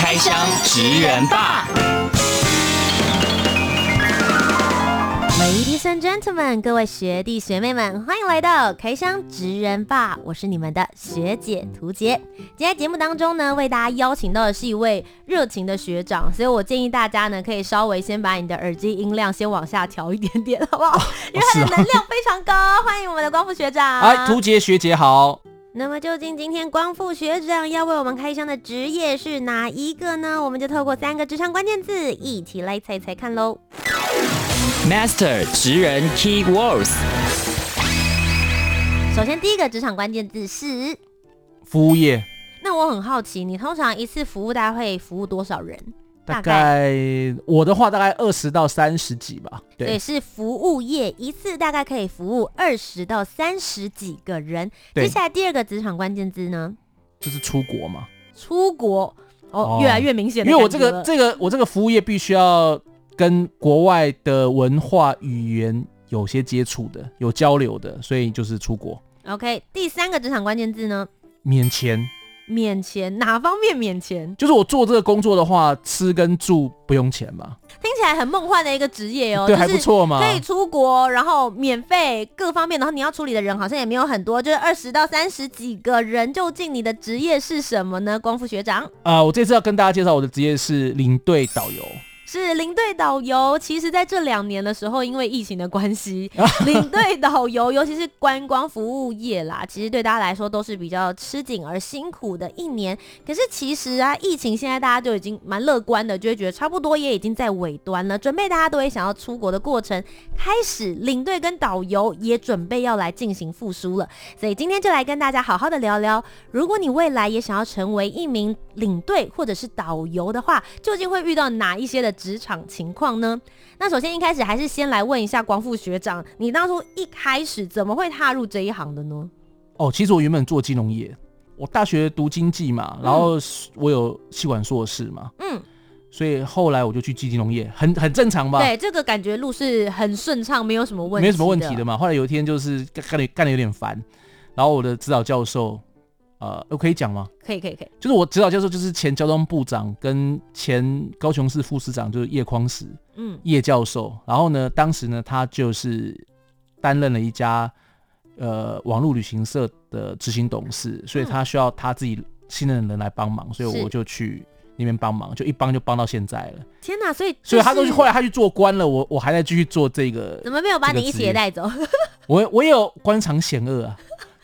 開箱職人吧，Ladies and Gentlemen，各位學弟學妹們，歡迎來到開箱職人吧，我是你們的學姐屠潔。今天節目當中呢，為大家邀請到的是一位熱情的學長，所以我建議大家呢，可以稍微先把你的耳機音量先往下調一點點，好不好？哦，因為他的能量非常高，哦哦。歡迎我們的光復學長，哎，屠潔學姐好。那麼究竟今天光復學長要為我們開箱的職業是哪一個呢？我們就透過三個職場關鍵字一起來猜猜看嘍。Master 職人 Key Words。首先第一個職場關鍵字是服務業。那我很好奇，你通常一次服務大概會服務多少人？大概,大概我的話大概二十到三十幾吧，對，是服務業一次大概可以服務二十到三十幾個人。接下來第二個職場關鍵字呢，就是出國嘛，出國哦,哦越來越明顯了，因為我這個這個我這個服務業必須要跟國外的文化語言有些接觸的，有交流的，所以就是出國。OK，第三個職場關鍵字呢，免簽。免錢哪方面免錢？就是我做這個工作的話，吃跟住不用錢嘛。聽起來很夢幻的一個職業哦、喔，對，還不錯嘛。就是可以出國，然後免費各方面，然後你要處理的人好像也沒有很多，就是二十到三十幾個人。究竟你的職業是什麼呢，光復學長？啊、呃，我這次要跟大家介紹我的職業是領隊導遊。是領隊導遊，其實在這兩年的時候，因為疫情的關係， 領隊導遊，尤其是觀光服務業啦，其實對大家來說都是比較吃緊而辛苦的一年。可是其實啊，疫情現在大家就已經蠻樂觀的，就會覺得差不多也已經在尾端了，準備大家都會想要出國的過程開始，領隊跟導遊也準備要來進行復甦了。所以今天就來跟大家好好的聊聊，如果你未來也想要成為一名領隊或者是導遊的話，究竟會遇到哪一些的？職場情況呢？那首先一開始還是先來問一下光復學長，你當初一開始怎麼會踏入這一行的呢？哦，其實我原本做金融業，我大學讀經濟嘛，嗯，然後我有企管碩士嘛，嗯，所以後來我就去進金融業，很很正常吧？對，這個感覺路是很順暢，沒有什麼問題，沒什麼問題的嘛。後來有一天就是幹得幹得有點煩，然後我的指導教授。呃，我可以講嗎？可以，可以，可以。就是我指導教授，就是前交通部長跟前高雄市副市長，就是葉匡時，嗯，葉教授。然後呢，當時呢，他就是擔任了一家呃網絡旅行社的執行董事，所以他需要他自己信任的人來幫忙，嗯，所以我就去那邊幫忙，就一幫就幫到現在了。天哪！啊！所以所以他都後來他去做官了，我我還在繼續做這個。怎麼沒有把你一起也帶走？ 我我也有官場險惡啊。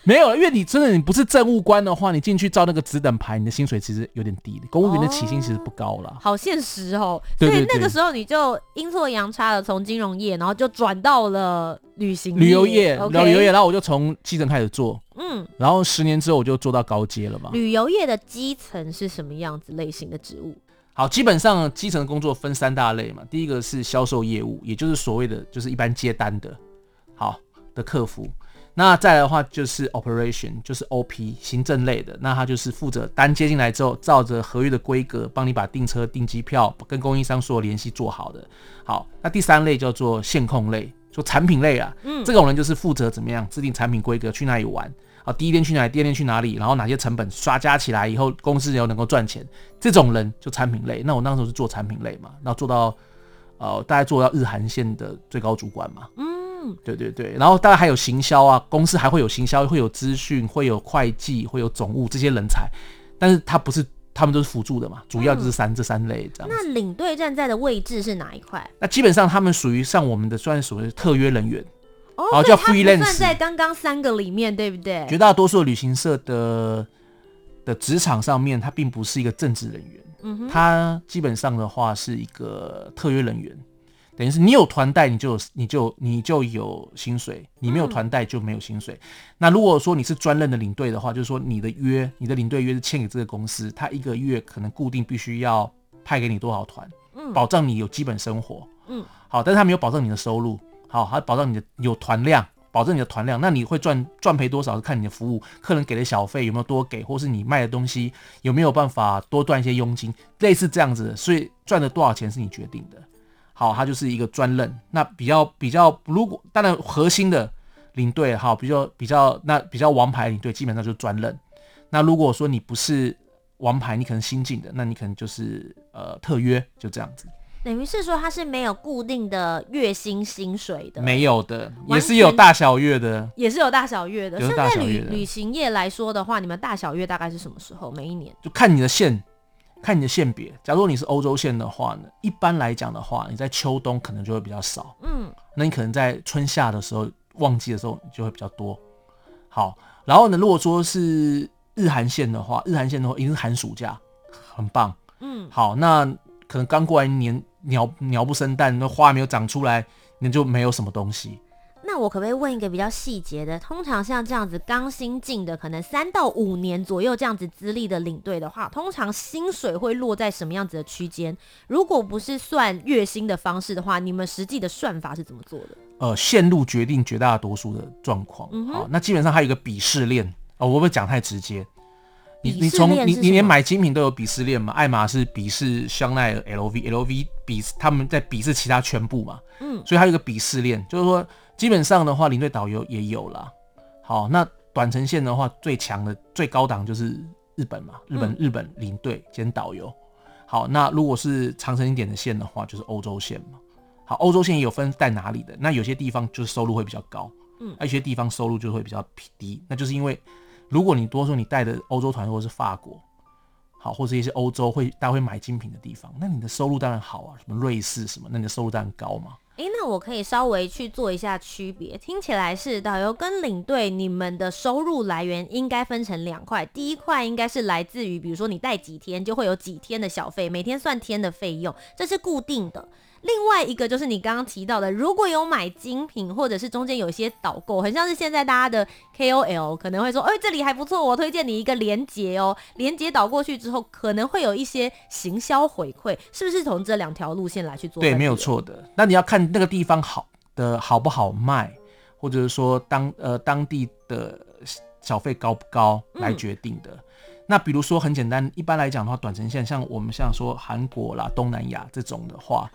沒有，因為你真的你不是政務官的話，你進去照那個職等牌，你的薪水其實有點低的。公務員的起薪其實不高啦。哦、好現實哦。所以，對對對，那個時候你就陰錯陽差的從金融業，然後就轉到了旅行旅遊業、OK，然後旅遊業，然後我就從基層開始做。嗯。然後十年之後我就做到高階了嘛。旅遊業的基層是什麼樣子類型的職務？好，基本上基層工作分三大類嘛。第一個是銷售業務，也就是所謂的就是一般接單的，好的客服。那再來的話就是 operation，就是 OP 行政類的，那他就是負責單接進來之後，照着合約的規格，幫你把訂車、訂機票跟供應商所有聯繫做好的。好，那第三類叫做線控類，說產品類啊，嗯，這種人就是負責怎麼樣制定產品規格，去哪裡玩啊，好，第一天去哪裡，第二天去哪裡，然後哪些成本刷加起來以後，公司又能夠賺錢，這種人就產品類。那我那時候是做產品類嘛，然後做到，呃，大概做到日韓線的最高主管嘛，嗯。嗯，對對對，然後當然還有行銷啊，公司還會有行銷，會有資訊，會有會計，會有總務這些人才，但是他不是，他們都是輔助的嘛，主要就是三、嗯、這三類這樣子。那領隊站在的位置是哪一塊？那基本上他們屬於像我們的，專屬的特約人員，哦、oh，叫 freelance。算在剛剛三個裡面，對不對？絕大多數旅行社的的職場上面，他並不是一個正職人員，嗯哼，他基本上的話是一個特約人員。等於是你有團帶，你就你就你就有薪水；你沒有團帶就沒有薪水。那如果說你是專任的領隊的話，就是說你的約、你的領隊約是簽給這個公司，他一個月可能固定必須要派給你多少團，嗯，保障，你有基本生活，嗯，好，但是他沒有保證你的收入，好，他保障你的有團量，保證你的團量，那你會賺賺賠多少，是看你的服務，客人給的小費有沒有多給，或是你賣的東西有沒有辦法多賺一些佣金，類似這樣子的，所以賺了多少錢是你決定的。好，它就是一個專任。那比較比較，如果當然核心的領隊，好比較比較，那比較王牌領隊基本上就是專任。那如果說你不是王牌，你可能新進的，那你可能就是呃特約，就這樣子。等於是說它是沒有固定的月薪薪水的。沒有的，也是有大小月的。也是有大小月的。就是大小月的。所以在旅旅行業來說的話，你們大小月大概是什麼時候？每一年？就看你的線。看你的線別，假如你是歐洲線的話呢，一般來講的話，你在秋冬可能就會比較少，嗯，那你可能在春夏的時候，旺季的時候就會比較多。好，然後呢，如果說是日韓線的話，日韓線的話，一定是寒暑假，很棒，嗯，好，那可能剛過完年，鳥鳥不生蛋，那花還沒有長出來，你就沒有什麼東西。那我可不可以問一個比較細節的？通常像這樣子剛新進的，可能三到五年左右這樣子資歷的領隊的話，通常薪水會落在什麼樣子的區間？如果不是算月薪的方式的話，你們實際的算法是怎麼做的？呃，線路決定絕大多數的狀況。好，那基本上還有一個鄙視鏈哦、啊，我不會講太直接。你你從你你連買精品都有鄙視鏈嘛？愛馬仕鄙視香奈兒，L V L V 鄙，他們在鄙視其他全部嘛？嗯，所以還有一個鄙視鏈，就是說。基本上的話，領隊導遊也有啦。好，那短程線的話，最強的最高檔就是日本嘛，日本、嗯、日本領隊兼導遊。好，那如果是長程一點的線的話，就是歐洲線嘛。好，歐洲線也有分帶哪裡的，那有些地方就是收入會比較高，嗯，啊、一些地方收入就會比較低。那就是因為，如果你多說你帶的歐洲團或者是法國，好，或者一些歐洲會大家會買精品的地方，那你的收入當然好啊，什麼瑞士什麼，那你的收入當然高嘛。誒、欸，那我可以稍微去做一下區別。聽起來是導遊跟領隊，你們的收入來源應該分成兩塊。第一塊應該是來自於，比如說你帶幾天就會有幾天的小費，每天算天的費用，這是固定的。另外一個就是你剛剛提到的，如果有買精品，或者是中間有一些導購，很像是現在大家的 KOL 可能會說，哎、欸，這裡還不錯，我推薦你一個連結哦。連結導過去之後，可能會有一些行銷回饋，是不是從這兩條路線來去做？對，沒有錯的。那你要看那個地方好的好不好賣，或者是說當呃當地的小費高不高來決定的、嗯。那比如說很簡單，一般來講的話，短程線像我們像說韓國啦、東南亞這種的話。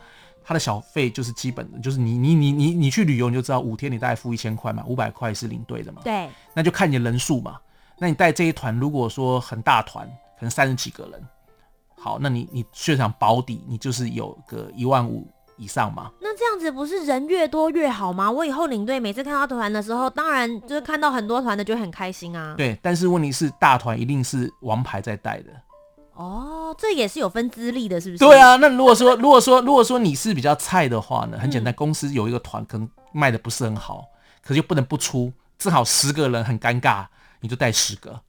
他的小費就是基本的，就是你你你你你，你去旅遊你就知道，五天你大概付一千塊嘛，五百塊是領隊的嘛。對，那就看你的人數嘛。那你帶這一團，如果說很大團，可能三十幾個人，好，那你你血場保底，你就是有個一萬五以上嘛。那這樣子不是人越多越好嗎？我以後領隊每次看到團的時候，當然就是看到很多團的就會很開心啊。對，但是問題是大團一定是王牌在帶的。哦，這也是有分資歷的，是不是？對啊，那如果說，如果說，如果說你是比較菜的話呢？很簡單，嗯、公司有一個團可能賣的不是很好，可是又不能不出，正好十個人很尷尬，你就帶十個。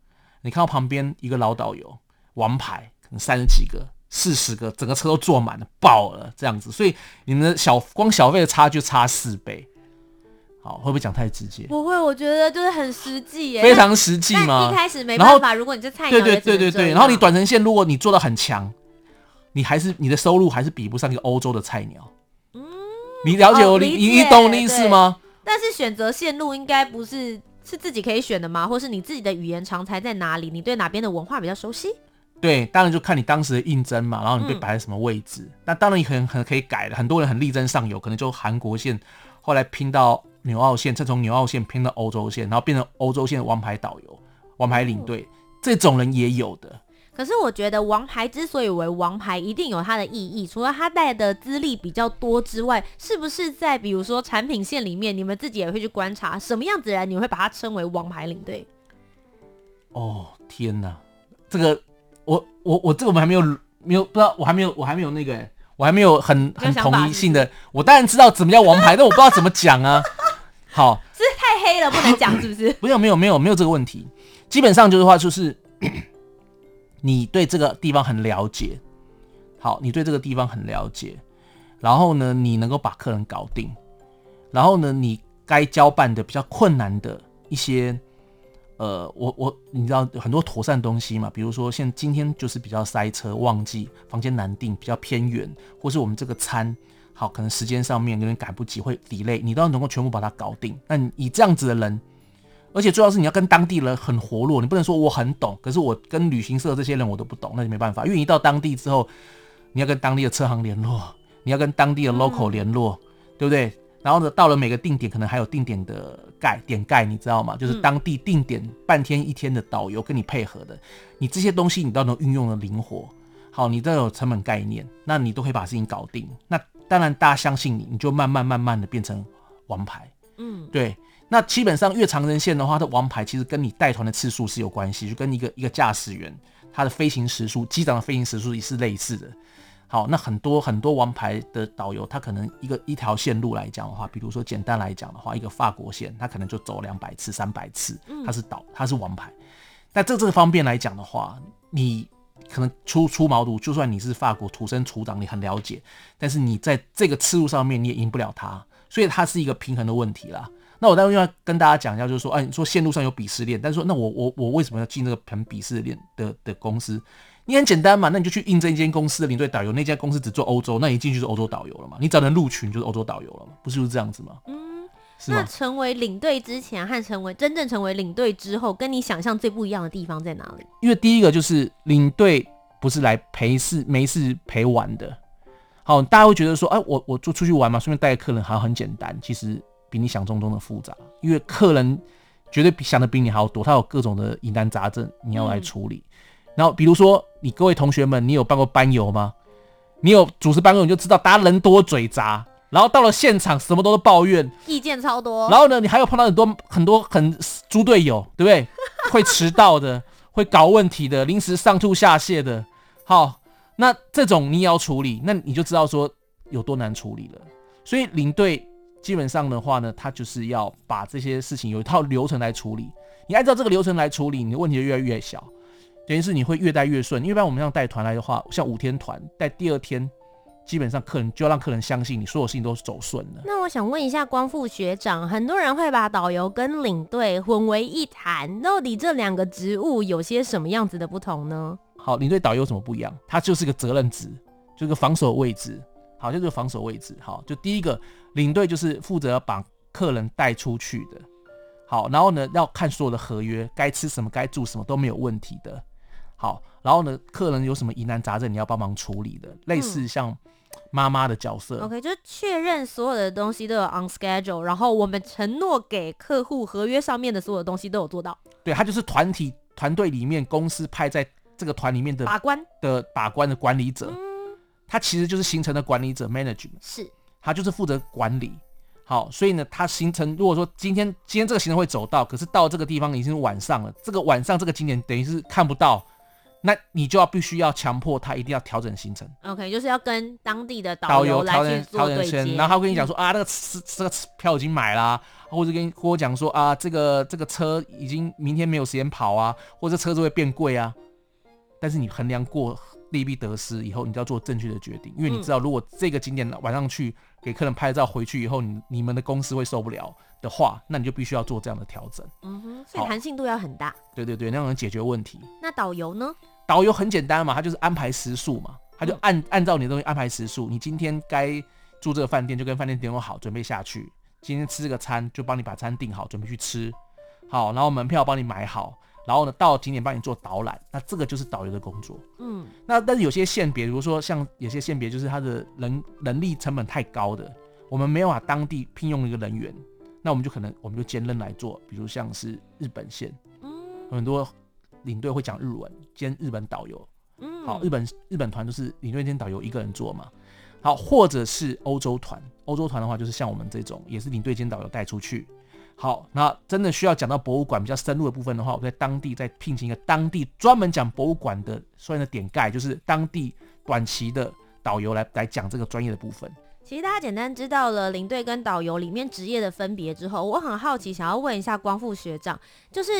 你看到旁邊一個老導遊，王牌可能三十幾個、四十個，整個車都坐滿了，爆了這樣子，所以你們的小，光小費的差就差四倍。好，會不會講太直接？不會，我覺得就是很實際耶，非常實際嘛。一開始沒辦法，如果你是菜鳥，對對對對對。然後你短程線，如果你做得很強，你還是你的收入還是比不上一個歐洲的菜鳥。嗯，你了解我，一、哦、你懂我的意思嗎？但是選擇線路應該不是是自己可以選的嗎？或是你自己的語言長才在哪裡？你對哪邊的文化比較熟悉？對，當然就看你當時的應徵嘛，然後你被擺在什麼位置。嗯、那當然，你很很可以改的。很多人很力爭上游，可能就韓國線後來拼到紐澳線，再從紐澳線拼到歐洲線，然後變成歐洲線的王牌導遊、王牌領隊，這種人也有的。可是我覺得王牌之所以為王牌，一定有它的意義。除了他帶的資歷比較多之外，是不是在比如說產品線裡面，你們自己也會去觀察什麼樣子的人，你會把他稱為王牌領隊？哦天哪，這個我我我這個我們還沒有沒有不知道，我還沒有我還沒有那個，我還沒有很很統一性的。我當然知道怎麼叫王牌，但我不知道怎麼講啊。 好，是太黑了，不能講，是不是 ？沒有，沒有，沒有，沒有這個問題。基本上就是話，就是 你對這個地方很了解。好，你對這個地方很了解，然後呢，你能夠把客人搞定，然後呢，你該交辦的比較困難的一些，呃，我我你知道很多妥善東西嘛，比如說像今天就是比較塞車，旺季房間難訂，比較偏遠，或是我們這個餐。好，可能時間上面有點趕不及，會 delay。你都要能夠全部把它搞定。那你以這樣子的人，而且最重要是你要跟當地人很活絡。你不能說我很懂，可是我跟旅行社這些人我都不懂，那就沒辦法。因為你到當地之後，你要跟當地的車行聯絡，你要跟當地的 local 聯絡、嗯，對不對？然後呢，到了每個定點，可能還有定點的蓋點蓋，你知道嗎？就是當地定點半天一天的導遊跟你配合的。你這些東西你都能運用得靈活。好，你都有成本概念，那你都可以把事情搞定。那。當然，大家相信你，你就慢慢慢慢的變成王牌。嗯，對。那基本上越長人線的話，這王牌其實跟你帶團的次數是有關係，就跟一個一個駕駛員他的飛行時數、機長的飛行時數也是類似的。好，那很多很多王牌的導遊，他可能一個一條線路來講的話，比如說簡單來講的話，一個法國線，他可能就走兩百次、三百次，他是導他是王牌。那在這個方面來講的話，你可能初出茅廬，就算你是法國土生土長，你很了解，但是你在這個次路上面你也贏不了他，所以它是一個平衡的問題啦。那我待會又要跟大家講一下，就是說，哎、啊，你說線路上有鄙視鏈，但是說那我我我為什麼要進那個很鄙視鏈的的、的公司？你很簡單嘛，那你就去應徵一間公司的領隊導遊，那家公司只做歐洲，那你進去是歐洲導遊了嘛？你只要能入群就是歐洲導遊了嘛？不是就是這樣子嗎？嗯。那成為領隊之前和成為真正成為領隊之後，跟你想象最不一樣的地方在哪裡？因為第一個就是領隊不是來陪事、沒事陪玩的，好，大家會覺得說，哎、啊，我我就出去玩嘛，順便帶個客人，好像很簡單，其實比你想中，中的複雜。因為客人絕對想的比你好多，他有各種的疑難雜症，你要來處理。嗯、然後比如說你各位同學們，你有辦過班遊嗎？你有主持班遊，你就知道，大家人多嘴雜。然後到了現場，什麼都是抱怨，意見超多。然後呢，你還有碰到很多很多很豬隊友，對不對？會遲到的， 會搞問題的，臨時上吐下瀉的。好，那這種你也要處理，那你就知道說有多難處理了。所以領隊基本上的話呢，他就是要把這些事情有一套流程來處理。你按照這個流程來處理，你的問題就越來越小。等於是你會越帶越順。因為不然我們這樣帶團來的話，像五天團，帶第二天。基本上客人就要讓客人相信你，所有事情都走順了。那我想問一下光復學長，很多人會把導遊跟領隊混為一談，到底這兩個職務有些什麼樣子的不同呢？好，領隊導遊有什麼不一樣？他就是個責任職，就是個防守位置，好，就是個防守位置。好，就第一個領隊就是負責要把客人帶出去的。好，然後呢，要看所有的合約，該吃什麼該住什麼都沒有問題的。好，然後呢，客人有什麼疑難雜症，你要幫忙處理的，嗯、類似像。媽媽的角色，OK，就是確認所有的東西都有 on schedule，然後我們承諾給客戶合約上面的所有的東西都有做到。對，他就是團體團隊裡面公司派在這個團裡面的把關的把關的管理者。嗯、他其實就是行程的管理者 manager，是，他就是負責管理。好，所以呢，他行程如果說今天今天這個行程會走到，可是到這個地方已經是晚上了，這個晚上這個景點等於是看不到，那你就要必須要強迫他一定要調整行程，OK，就是要跟當地的導遊調整調整先，然後他會跟你講說啊，那個車這個票已經買啦，或者跟跟我講說啊，這個、這個、這個車已經明天沒有時間跑啊，或者車子會變貴啊。但是你衡量過利弊得失以後，你就要做正確的決定，因為你知道如果這個景點晚上去給客人拍照回去以後，你你們的公司會受不了的話，那你就必須要做這樣的調整。嗯哼，所以彈性度要很大。對對對，那樣能解決問題。那導遊呢？導遊很簡單嘛，他就是安排食宿嘛，他就按按照你的東西安排食宿。你今天該住這個飯店，就跟飯店訂好，準備下去；今天吃這個餐，就幫你把餐訂好，準備去吃。好，然後門票幫你買好，然後呢，到景點幫你做導覽。那這個就是導遊的工作。嗯，那但是有些線別，比如說像有些線別，就是他的人人力成本太高的，我們沒有辦法當地聘用一個人員，那我們就可能我們就兼任來做。比如像是日本線，很多。領隊會講日文兼日本導遊，嗯，好，日本日本團就是領隊兼導遊一個人做嘛，好，或者是歐洲團，歐洲團的話就是像我們這種也是領隊兼導遊帶出去，好，那真的需要講到博物館比較深入的部分的話，我在當地再聘請一個當地專門講博物館的所謂的點蓋，就是當地短期的導遊來來講這個專業的部分。其實大家簡單知道了領隊跟導遊裡面職業的分別之後，我很好奇，想要問一下光復學長，就是。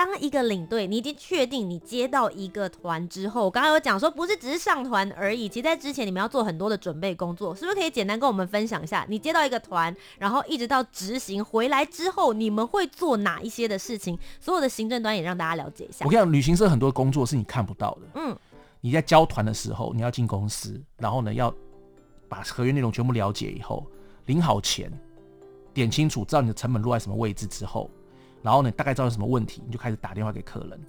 當一個領隊，你已經確定你接到一個團之後。我剛剛有講說，不是只是上團而已，其實在之前你們要做很多的準備工作，是不是可以簡單跟我們分享一下，你接到一個團，然後一直到執行回來之後，你們會做哪一些的事情？所有的行政端也讓大家了解一下。我跟你講，旅行社很多工作是你看不到的。嗯，你在交團的時候，你要進公司，然後呢，要把合約內容全部了解以後，領好錢，點清楚，知道你的成本落在什麼位置之後。然後呢，大概知道有什麼問題，你就開始打電話給客人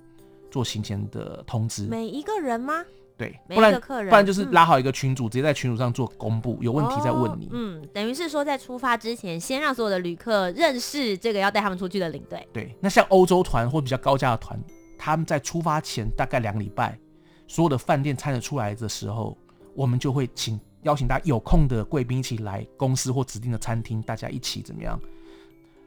做行前的通知。每一個人嗎？對，不然每一個客人，不然就是拉好一個群組、嗯，直接在群組上做公布。有問題再問你、哦。嗯，等於是說，在出發之前，先讓所有的旅客認識這個要帶他們出去的領隊。對，那像歐洲團或比較高價的團，他們在出發前大概兩個禮拜，所有的飯店餐食出來的時候，我們就會請邀請大家有空的貴賓一起來公司或指定的餐廳，大家一起怎麼樣？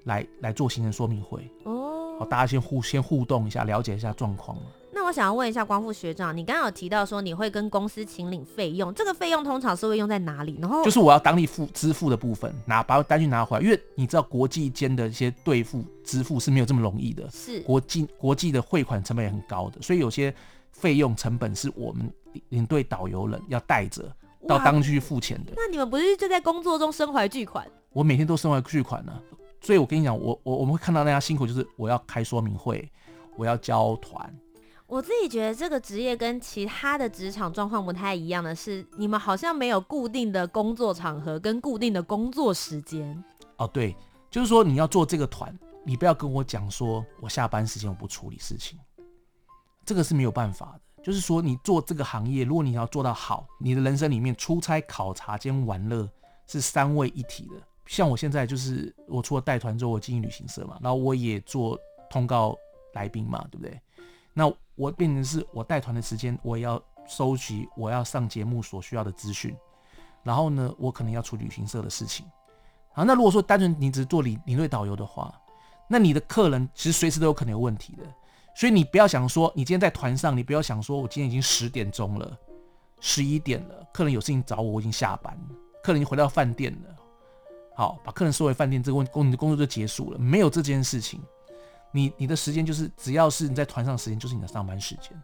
來來做行程說明會哦，oh, 好，大家先互先互動一下，了解一下狀況嘛。那我想要問一下光復學長，你剛剛有提到說你會跟公司請領費用，這個費用通常是會用在哪裡？然後就是我要當地付支付的部分，拿把我單據拿回來，因為你知道國際間的一些兌付支付是沒有這麼容易的，是國際國際的匯款成本也很高的，所以有些費用成本是我們領隊導遊人要帶着 wow, 到當地去付錢的。那你們不是就在工作中身懷巨款？我每天都身懷巨款呢、啊。所以，我跟你講，我我我們會看到大家辛苦，就是我要開說明會，我要交團。我自己覺得這個職業跟其他的職場狀況不太一樣的是，你們好像沒有固定的工作場合跟固定的工作時間。哦，對，就是說你要做這個團，你不要跟我講說我下班時間我不處理事情，這個是沒有辦法的。就是說，你做這個行業，如果你要做到好，你的人生裡面出差、考察兼玩樂是三位一體的。像我現在就是我除了帶團之後，我經營旅行社嘛，然後我也做通告來賓嘛，對不對？那我變成是我帶團的時間，我也要收集我要上節目所需要的資訊，然後呢，我可能要出旅行社的事情。好、啊，那如果說單純你只是做領領隊導遊的話，那你的客人其實隨時都有可能有問題的，所以你不要想說，你今天在團上，你不要想說我今天已經十點鐘了，十一點了，客人有事情找我，我已經下班了，客人已經回到飯店了。好，把客人收回飯店，這個問工，你的工作就結束了。沒有這件事情，你你的時間就是只要是你在團上的時間，就是你的上班時間。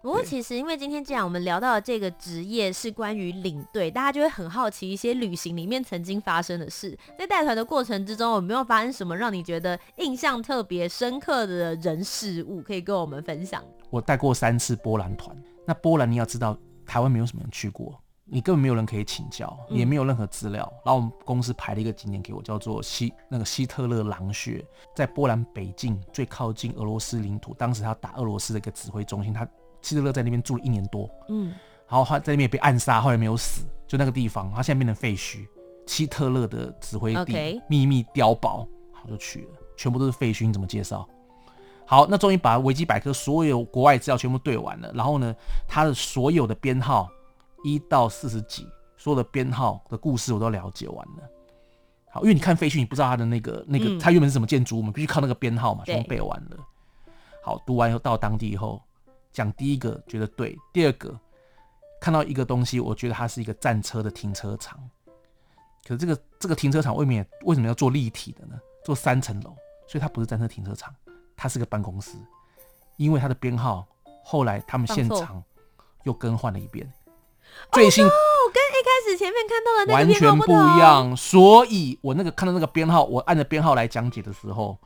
不過其實因為今天既然我們聊到的這個職業是關於領隊，大家就會很好奇一些旅行裡面曾經發生的事。在帶團的過程之中，有沒有發生什麼讓你覺得印象特別深刻的人事物可以跟我們分享？我帶過三次波蘭團，那波蘭你要知道，台灣沒有什麼人去過。你根本沒有人可以請教，也沒有任何資料。嗯。然後我們公司排了一個景點給我，叫做希那個希特勒狼穴，在波蘭北境最靠近俄羅斯領土，當時他打俄羅斯的一個指揮中心。他希特勒在那邊住了一年多，嗯，然後他在那邊也被暗殺，後來沒有死。就那個地方，他現在變成廢墟，希特勒的指揮地、okay. 秘密碉堡，好，就去了，全部都是廢墟，你怎麼介紹？好，那終於把維基百科所有國外資料全部對完了，然後呢，他的所有的編號。一到四十幾，所有的編號的故事我都了解完了。好，因為你看廢墟，你不知道它的那個那個、嗯、它原本是什麼建築，我們必須靠那個編號嘛，全部背完了。好，讀完以後到當地以後，講第一個覺得對，第二個看到一個東西，我覺得它是一個戰車的停車場。可是這個這個停車場未免為什麼要做立體的呢？做三層樓，所以它不是戰車停車場，它是個辦公室。因為它的編號後來他們現場又更換了一遍。最新，跟一開始前面看到的那個完全不一樣，所以我那個看到那個編號，我按着編號來講解的時候，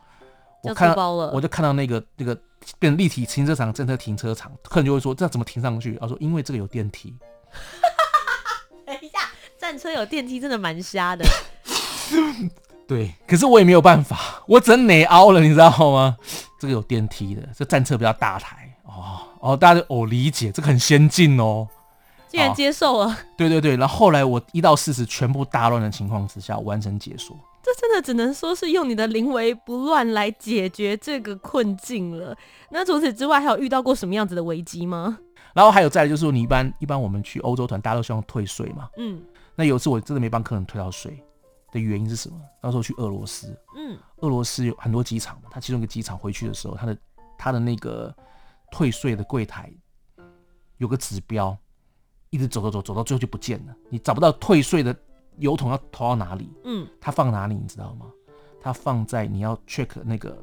我看到，我就看到那個那個變立體停車場，戰車停車場，客人就會說，這怎麼停上去？他說因為這個有電梯。等一下，戰車有電梯真的蠻瞎的。對，可是我也沒有辦法，我只能內凹了，你知道嗎？這個有電梯的，這戰車比較大台哦哦，大家就哦理解，這個很先進哦。竟然接受了，對對對，然後後來我一到四十全部大亂的情況之下完成解鎖。這真的只能說是用你的臨危不亂來解決這個困境了。那除此之外，還有遇到過什麼樣子的危機嗎？然後還有再來就是說，你一般一般我們去歐洲團，大家都希望退稅嘛，嗯，那有一次我真的沒幫客人退到稅的原因是什麼？那時候去俄羅斯，嗯，俄羅斯有很多機場，它其中一個機場回去的時候，它的它的那個退稅的櫃台有個指標。一直走走走，走到最後就不見了。你找不到退稅的郵筒要投到哪裡？嗯，它放哪裡你知道嗎？它放在你要 check 的那個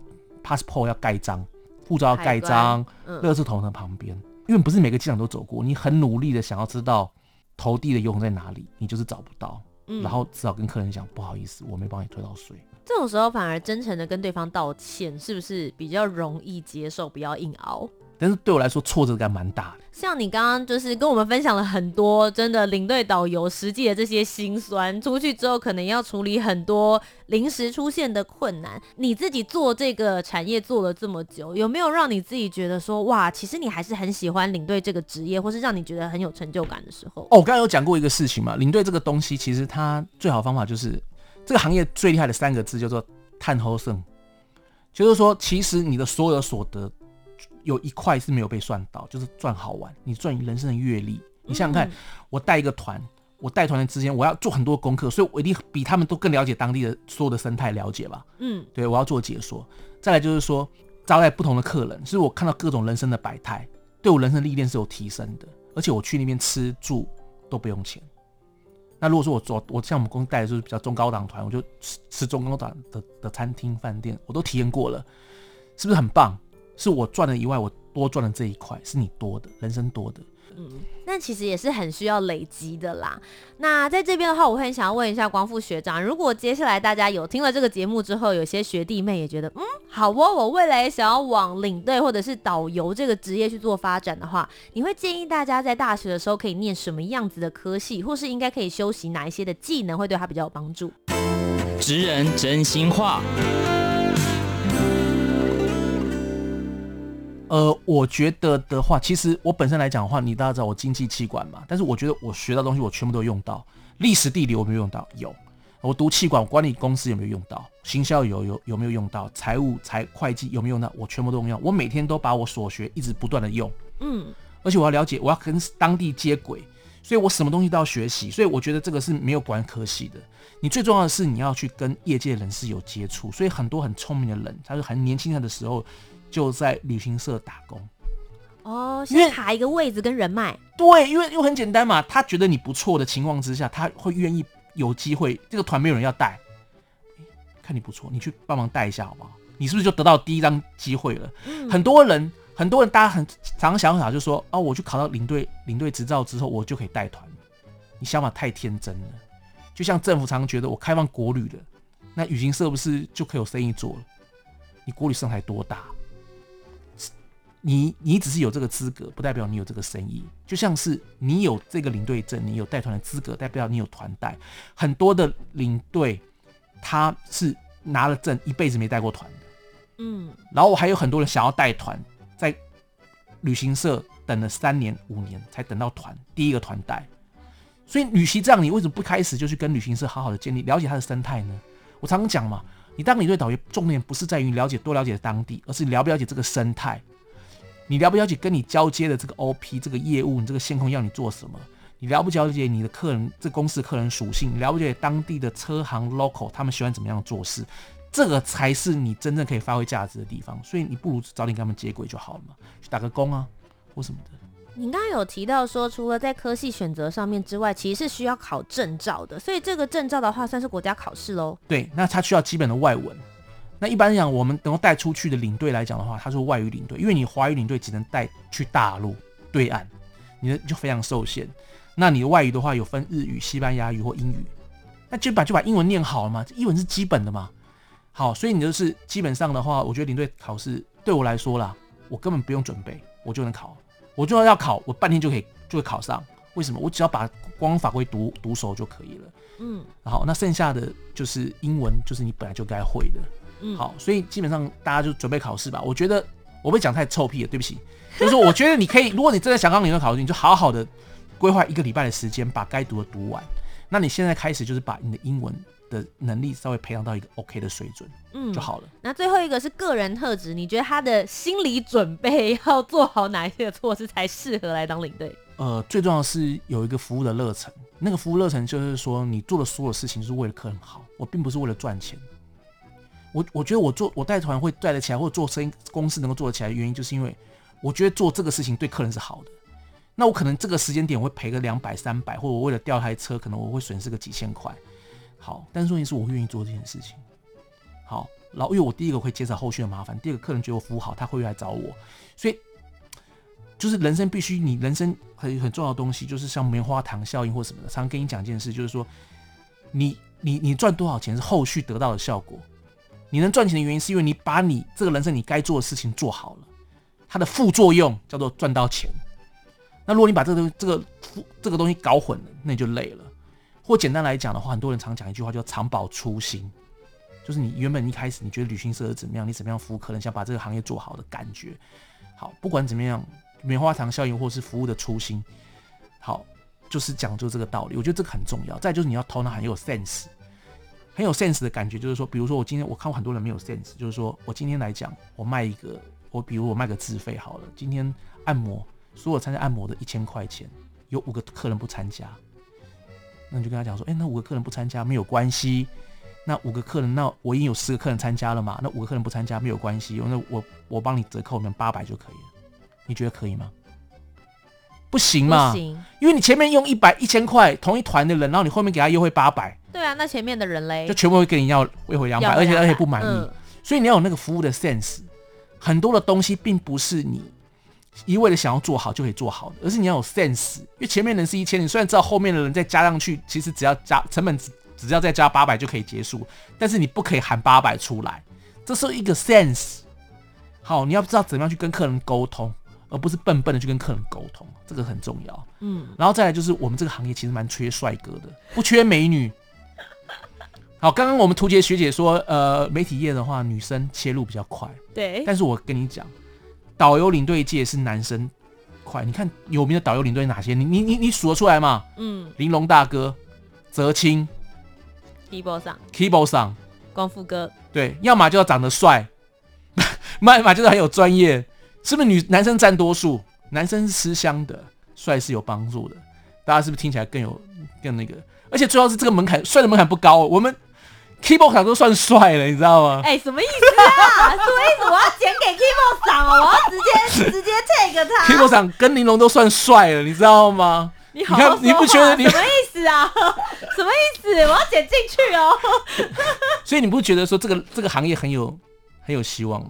passport 要蓋章，護照要蓋章，嗯、樂事桶的旁邊。因為不是每個機場都走過，你很努力的想要知道投遞的郵筒在哪裡，你就是找不到。嗯、然後只好跟客人講不好意思，我沒幫你退到稅。這種時候反而真誠的跟對方道歉，是不是比較容易接受？不要硬熬。但是對我來說挫折感蠻大的。像你剛剛就是跟我們分享了很多真的領隊導遊實際的這些辛酸，出去之後可能要處理很多臨時出現的困難。你自己做這個產業做了這麼久，有沒有讓你自己覺得說哇，其實你還是很喜歡領隊這個職業，或是讓你覺得很有成就感的時候？哦，我剛剛有講過一個事情嘛，領隊這個東西其實它最好方法就是這個行業最厲害的三個字叫做“碳耗勝”，就是說其實你的所有所得。有一塊是沒有被算到，就是賺好玩。你賺人生的閱歷。你想想看，我帶一個團，我帶團的之間，我要做很多功課，所以，我一定比他們都更了解當地的所有的生態，了解吧？嗯，對我要做解說，再來就是說招待不同的客人，所以我看到各種人生的百態，對我人生歷練是有提升的。而且我去那邊吃住都不用錢。那如果說我做我像我們公司帶的就是比較中高檔團，我就吃吃中高檔的的餐廳飯店，我都體驗過了，是不是很棒？是我賺了以外，我多賺了這一塊，是你多的人生多的，嗯，那其實也是很需要累積的啦。那在這邊的話，我很想要問一下光復學長，如果接下來大家有聽了這個節目之後，有些學弟妹也覺得，嗯，好哦，我未來想要往領隊或者是導遊這個職業去做發展的話，你會建議大家在大學的時候可以念什麼樣子的科系，或是應該可以修習哪一些的技能會對他比較有幫助？直人真心話。呃，我覺得的話，其實我本身來講的話，你大家知道我經濟企管嘛，但是我覺得我學到東西，我全部都用到。歷史地理我沒有用到，有我讀企管管理公司有沒有用到？行銷有有有沒有用到？財務財會計有沒有用到？我全部都用到，我每天都把我所學一直不斷的用，嗯，而且我要了解，我要跟當地接軌，所以我什麼東西都要學習。所以我覺得這個是沒有管可惜的。你最重要的是你要去跟業界人士有接觸，所以很多很聰明的人，他是很年輕的時候。就在旅行社打工，哦，因為卡一個位置跟人脈。對，因為因為很簡單嘛。他覺得你不錯的情況之下，他會願意有機會。這個團沒有人要帶，看你不錯，你去幫忙帶一下好不好？你是不是就得到第一張機會了？很多人，很多人，大家很常想法就說，哦，我去考到領隊，領隊執照之後，我就可以帶團了。你想法太天真了。就像政府常覺得我開放國旅了，那旅行社不是就可以有生意做了？你國旅市場還多大？你你只是有這個資格，不代表你有這個生意。就像是你有這個領隊證，你有帶團的資格，代表你有團帶。很多的領隊他是拿了證，一輩子沒帶過團的。嗯。然後我還有很多人想要帶團，在旅行社等了三年五年才等到團第一個團帶。所以，與其這樣，你為什麼不開始就去跟旅行社好好的建立，了解他的生態呢？我常常講嘛，你當領隊導遊，重點不是在於了解多了解當地，而是了不了解這個生態。你了不了解跟你交接的這個 O P 這個業務？你這個線控要你做什麼？你了不了解你的客人這公司的客人屬性？你了不了解當地的車行 local 他們喜歡怎麼樣做事？這個才是你真正可以發揮價值的地方。所以你不如早點跟他們接軌就好了嘛，去打個工啊或什麼的。你剛剛有提到說，除了在科系選擇上面之外，其實是需要考證照的。所以這個證照的話，算是國家考試嘍。對，那它需要基本的外文。那一般講，我們能夠帶出去的領隊來講的話，他是外語領隊，因為你華語領隊只能帶去大陸對岸，你的就非常受限。那你的外語的話，有分日語、西班牙語或英語，那就把就把英文念好了嘛，這英文是基本的嘛。好，所以你就是基本上的話，我覺得領隊考試對我來說啦，我根本不用準備，我就能考。我就要考，我半天就可以就會考上。為什麼？我只要把光法規讀讀熟就可以了。嗯，好，那剩下的就是英文，就是你本來就該會的。嗯，好，所以基本上大家就準備考試吧。我覺得我被講太臭屁了，對不起。就是說我覺得你可以， 如果你真的想當領隊考試，你就好好的規劃一個禮拜的時間，把該讀的讀完。那你現在開始就是把你的英文的能力稍微培養到一個 OK 的水準，嗯，就好了。那最後一個是個人特質，你覺得他的心理準備要做好哪一些措施才適合來當領隊？呃，最重要是有一個服務的熱忱。那個服務熱忱就是說，你做的所有事情是為了客人好，我並不是為了賺錢。我我覺得我做我帶團會帶得起來，或者做生意公司能夠做得起來的原因，就是因為我覺得做這個事情對客人是好的。那我可能這個時間點我會賠個兩百三百，或者我為了調台車，可能我會損失個幾千塊。好，但是問題是我願意做這件事情。好，然後因為我第一個會減少後續的麻煩，第二個客人覺得我服務好，他會來找我。所以就是人生必須，你人生很很重要的東西就是像棉花糖效應或什麼的。常常跟你講一件事，就是說你你你賺多少錢是後續得到的效果。你能賺錢的原因，是因為你把你這個人生你該做的事情做好了，它的副作用叫做賺到錢。那如果你把這東、個、這個這個東西搞混了，那你就累了。或簡單來講的話，很多人常講一句話，叫“常保初心”，就是你原本一開始你覺得旅行社是怎麼樣，你怎麼樣服務，可能想把這個行業做好的感覺。好，不管怎麼樣，棉花糖效應或是服務的初心，好，就是講究這個道理。我覺得這個很重要。再就是你要頭腦很有 sense。很有 sense 的感覺，就是說，比如說我今天我看過很多人沒有 sense，就是說我今天來講，我賣一個，我比如我賣個自費好了，今天按摩，所有參加按摩的一千塊錢，有五個客人不參加，那你就跟他講說，哎、欸，那五個客人不參加沒有關係，那五個客人那我已經有四個客人參加了嘛，那五個客人不參加沒有關係，那我我幫你折扣，我們八百就可以了，你覺得可以嗎？不行嘛不行，因為你前面用一百一千塊，同一團的人，然後你後面給他優惠八百。對啊，那前面的人嘞？就全部會跟你要優惠兩百，而且而且不滿意、嗯。所以你要有那個服務的 sense。很多的東西並不是你一味的想要做好就可以做好的，而是你要有 sense。因為前面人是一千，你雖然知道後面的人再加上去，其實只要加成本只只要再加八百就可以結束，但是你不可以喊八百出來，這是一個 sense。好，你要知道怎麼樣去跟客人溝通。而不是笨笨的去跟客人溝通，這個很重要。嗯，然後再來就是我們這個行業其實蠻缺帥哥的，不缺美女。好，剛剛我們屠潔學姐說，呃，媒體業的話，女生切入比較快。對，但是我跟你講，導遊領隊界是男生快。你看有名的導遊領隊哪些？你你你你數得出來嗎？嗯，玲瓏大哥、哲青、Kibo Song、Kibo Song 光復哥，對，要麼就要長得帥，要 麼就是很有專業。是不是女，男生占多數？男生是吃香的，帥是有幫助的。大家是不是聽起來更有更那個？而且主要是這個門檻，帥的門檻不高。我們 keyboard 上都算帥了，你知道嗎？哎、欸，什麼意思啊？ 什麼意思？我要剪給 keyboard 上哦，我要直接直接 take 他。keyboard 上跟玲瓏都算帥了，你知道嗎？你好、啊，你不覺得你什麼意思啊？ 什麼意思？我要剪進去哦。 所以你不是覺得說這個這個行業很有很有希望嗎？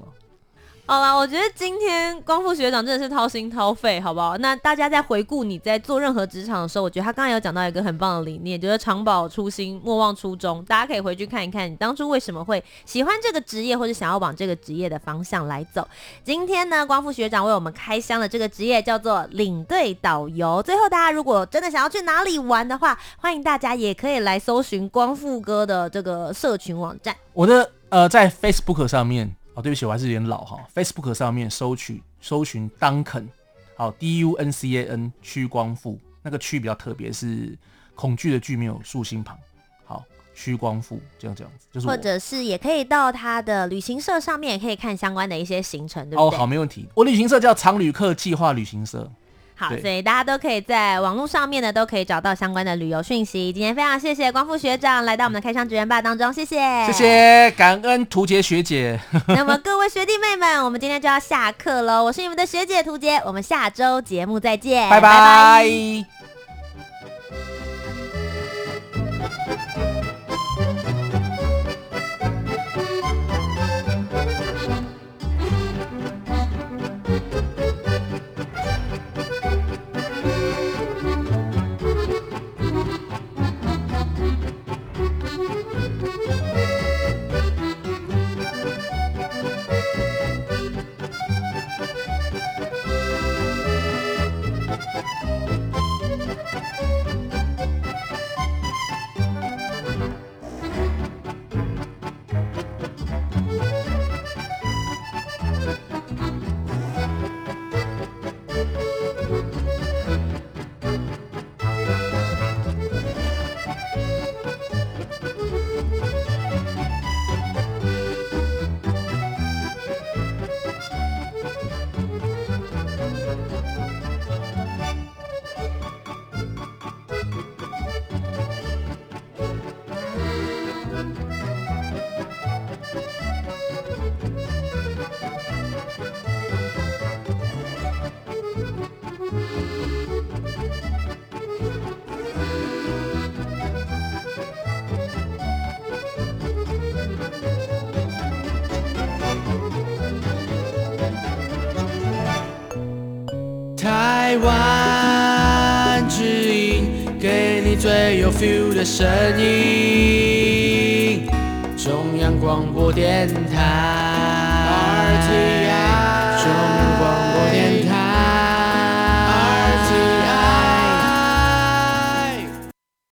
好吧，我覺得今天光復學長真的是掏心掏肺，好不好？那大家在回顧你在做任何職場的時候，我覺得他剛才有講到一個很棒的理念，就是長保初心，莫忘初衷。大家可以回去看一看，你當初為什麼會喜歡這個職業，或者想要往這個職業的方向來走。今天呢，光復學長為我們開箱的這個職業叫做領隊導遊。最後，大家如果真的想要去哪裡玩的話，歡迎大家也可以來搜尋光復哥的這個社群網站。我的呃，在 Facebook 上面。哦、oh,，對不起，我還是有點老哈。Facebook 上面搜尋搜尋 Duncan，好 D U N C A N 瞿光復，那個瞿比較特別，是恐懼的懼沒有豎心旁。好，瞿光復，這樣這樣子就是。或者是也可以到他的旅行社上面也可以看相關的一些行程，對不對？哦、oh,，好，沒問題。我旅行社叫常旅客計劃旅行社。好，所以大家都可以在網絡上面呢，都可以找到相關的旅遊訊息。今天非常謝謝光復學長來到我們的開箱職人吧當中，謝謝，謝謝，感恩屠潔學姐。那麼各位學弟妹們， 我們今天就要下課嘍。我是你們的學姐屠潔，我們下週節目再見，拜拜。Bye bye 的聲音，中央廣播電台。